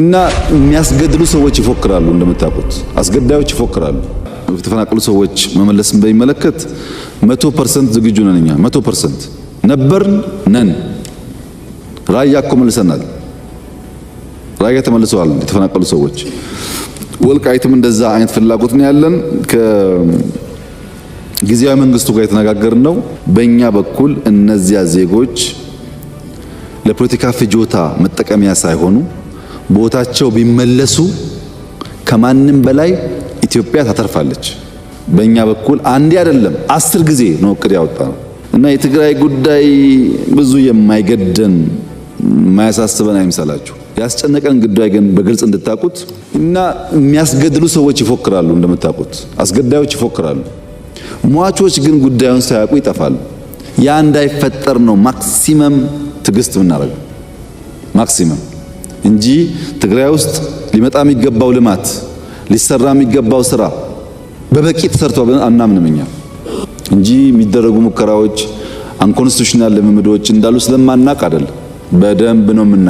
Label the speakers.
Speaker 1: እና የሚያስገድሉ ሰዎች ይፎክራሉ። እንደምታውቁት አስገዳዮች ይፎክራሉ። የተፈናቀሉ ሰዎች መመለስን በሚመለከት መቶ ፐርሰንት ዝግጁ ነን። እኛ መቶ ፐርሰንት ነበርን ነን። ራያ እኮ መልሰናል። ራያ ተመልሰዋል የተፈናቀሉ ሰዎች። ወልቃይትም እንደዛ አይነት ፍላጎት ነው ያለን። ከጊዜያዊ መንግስቱ ጋር የተነጋገርን ነው። በእኛ በኩል እነዚያ ዜጎች ለፖለቲካ ፍጆታ መጠቀሚያ ሳይሆኑ ቦታቸው ቢመለሱ ከማንም በላይ ኢትዮጵያ ታተርፋለች። በእኛ በኩል አንዴ አይደለም አስር ጊዜ ነው እቅድ ያወጣ ነው እና የትግራይ ጉዳይ ብዙ የማይገደን የማያሳስበን አይምሰላችሁ። ያስጨነቀን ጉዳይ ግን በግልጽ እንድታቁት እና የሚያስገድሉ ሰዎች ይፎክራሉ፣ እንደምታቁት አስገዳዮች ይፎክራሉ። ሟቾች ግን ጉዳዩን ሳያውቁ ይጠፋሉ። ያ እንዳይፈጠር ነው ማክሲመም ትዕግስት የምናደርገው ማክሲመም እንጂ ትግራይ ውስጥ ሊመጣ የሚገባው ልማት ሊሰራ የሚገባው ስራ በበቂ ተሰርቶ አናምንም እኛ እንጂ የሚደረጉ ሙከራዎች አንኮንስቲቱሽናል ልምምዶች እንዳሉ ስለማናቅ አይደለም። በደንብ ነው የምናየው።